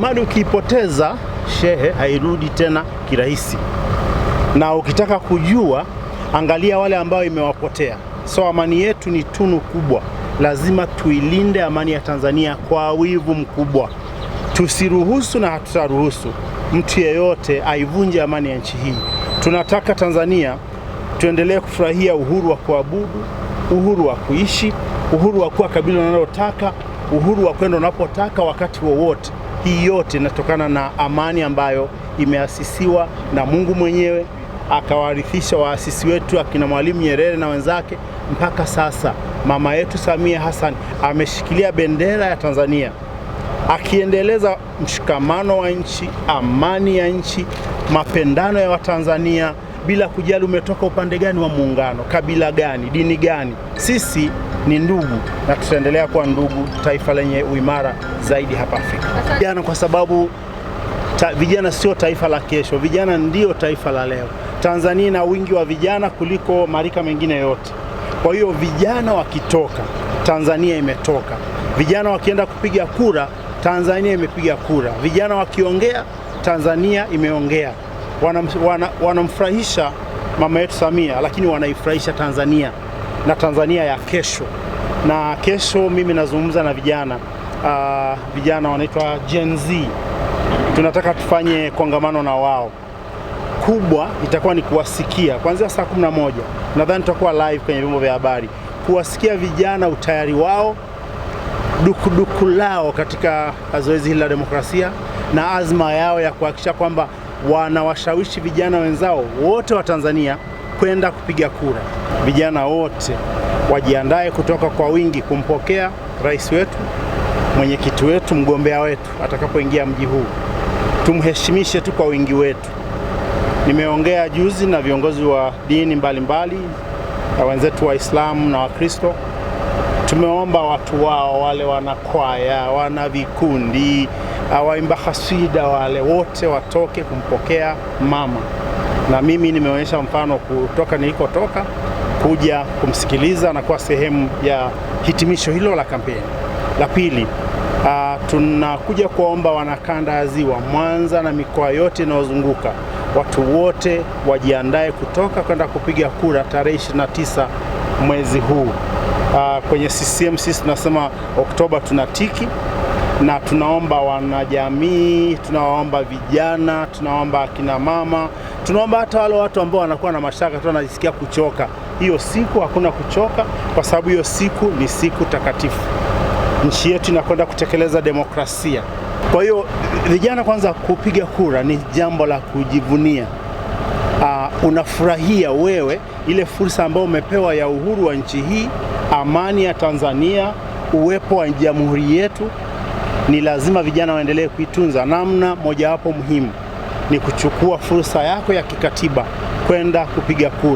Mali ukiipoteza shehe, hairudi tena kirahisi, na ukitaka kujua, angalia wale ambao imewapotea. So amani yetu ni tunu kubwa, lazima tuilinde amani ya Tanzania kwa wivu mkubwa. Tusiruhusu na hatutaruhusu mtu yeyote aivunje amani ya nchi hii. Tunataka Tanzania tuendelee kufurahia uhuru wa kuabudu, uhuru wa kuishi, uhuru wa kuwa kabila unalotaka, uhuru wa kwenda unapotaka wakati wowote wa hii yote inatokana na amani ambayo imeasisiwa na Mungu mwenyewe akawarithisha waasisi wetu akina Mwalimu Nyerere na wenzake. Mpaka sasa mama yetu Samia Hassan ameshikilia bendera ya Tanzania akiendeleza mshikamano wa nchi, amani ya nchi, mapendano ya Watanzania bila kujali umetoka upande gani wa muungano, kabila gani, dini gani. Sisi ni ndugu na tutaendelea kuwa ndugu, taifa lenye uimara zaidi hapa Afrika. Vijana kwa sababu ta, vijana sio taifa la kesho, vijana ndiyo taifa la leo. Tanzania ina wingi wa vijana kuliko marika mengine yote. Kwa hiyo vijana wakitoka, Tanzania imetoka. Vijana wakienda kupiga kura, Tanzania imepiga kura. Vijana wakiongea, Tanzania imeongea. Wanamfurahisha wana, wanamfurahisha mama yetu Samia, lakini wanaifurahisha Tanzania na Tanzania ya kesho. Na kesho mimi nazungumza na vijana uh, vijana wanaitwa Gen Z. Tunataka tufanye kongamano na wao kubwa itakuwa ni kuwasikia kuanzia saa 11 nadhani tutakuwa live kwenye vyombo vya habari, kuwasikia vijana utayari wao, dukuduku lao katika zoezi hili la demokrasia na azma yao ya kuhakikisha kwamba wanawashawishi vijana wenzao wote wa Tanzania kwenda kupiga kura. Vijana wote wajiandae kutoka kwa wingi kumpokea rais wetu, mwenyekiti wetu, mgombea wetu atakapoingia mji huu. Tumheshimishe tu kwa wingi wetu. Nimeongea juzi na viongozi wa dini mbalimbali na wenzetu Waislamu na Wakristo. Tumeomba watu wao wale wana kwaya, wana vikundi, waimba hasida, wale wote watoke kumpokea mama na mimi nimeonyesha mfano kutoka nilikotoka kuja kumsikiliza na kuwa sehemu ya hitimisho hilo la kampeni. La pili, uh, tunakuja kuwaomba wanakanda ya Ziwa, Mwanza na mikoa yote inayozunguka watu wote wajiandae kutoka kwenda kupiga kura tarehe 29 mwezi huu. Uh, kwenye CCM sisi tunasema Oktoba tunatiki na tunaomba wanajamii, tunawaomba vijana, tunaomba akina mama, tunaomba hata wale watu ambao wanakuwa na mashaka tu wanajisikia kuchoka. Hiyo siku hakuna kuchoka, kwa sababu hiyo siku ni siku takatifu. Nchi yetu inakwenda kutekeleza demokrasia. Kwa hiyo vijana, kwanza, kupiga kura ni jambo la kujivunia. Uh, unafurahia wewe ile fursa ambayo umepewa ya uhuru wa nchi hii, amani ya Tanzania, uwepo wa jamhuri yetu ni lazima vijana waendelee kuitunza. Namna mojawapo muhimu ni kuchukua fursa yako ya kikatiba kwenda kupiga kura.